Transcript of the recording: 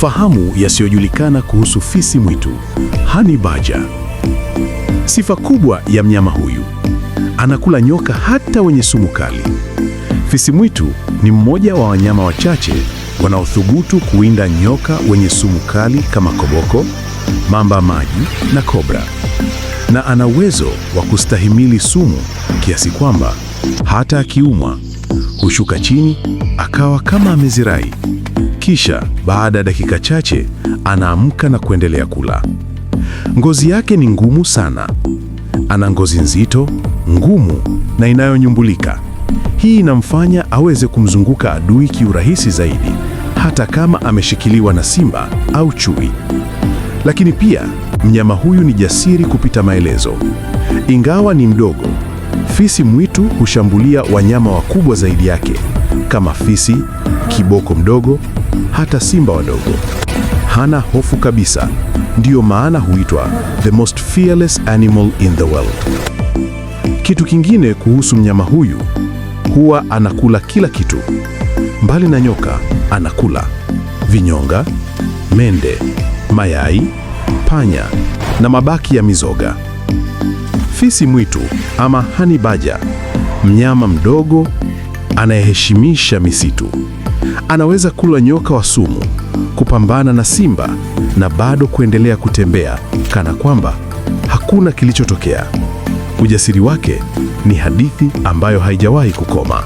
Fahamu yasiyojulikana kuhusu fisi mwitu Honey Badger. Sifa kubwa ya mnyama huyu, anakula nyoka hata wenye sumu kali. Fisi mwitu ni mmoja wa wanyama wachache wanaothubutu kuwinda nyoka wenye sumu kali kama koboko, mamba maji na kobra, na ana uwezo wa kustahimili sumu kiasi kwamba hata akiumwa hushuka chini akawa kama amezirai. Kisha baada ya dakika chache anaamka na kuendelea kula. Ngozi yake ni ngumu sana, ana ngozi nzito, ngumu na inayonyumbulika. Hii inamfanya aweze kumzunguka adui kiurahisi zaidi, hata kama ameshikiliwa na simba au chui. Lakini pia mnyama huyu ni jasiri kupita maelezo. Ingawa ni mdogo, fisi mwitu hushambulia wanyama wakubwa zaidi yake kama fisi, kiboko mdogo hata simba wadogo. Hana hofu kabisa, ndiyo maana huitwa the most fearless animal in the world. Kitu kingine kuhusu mnyama huyu, huwa anakula kila kitu. Mbali na nyoka, anakula vinyonga, mende, mayai, panya na mabaki ya mizoga. Fisi mwitu ama honey badger, mnyama mdogo anayeheshimisha misitu. Anaweza kula nyoka wa sumu, kupambana na simba na bado kuendelea kutembea kana kwamba hakuna kilichotokea. Ujasiri wake ni hadithi ambayo haijawahi kukoma.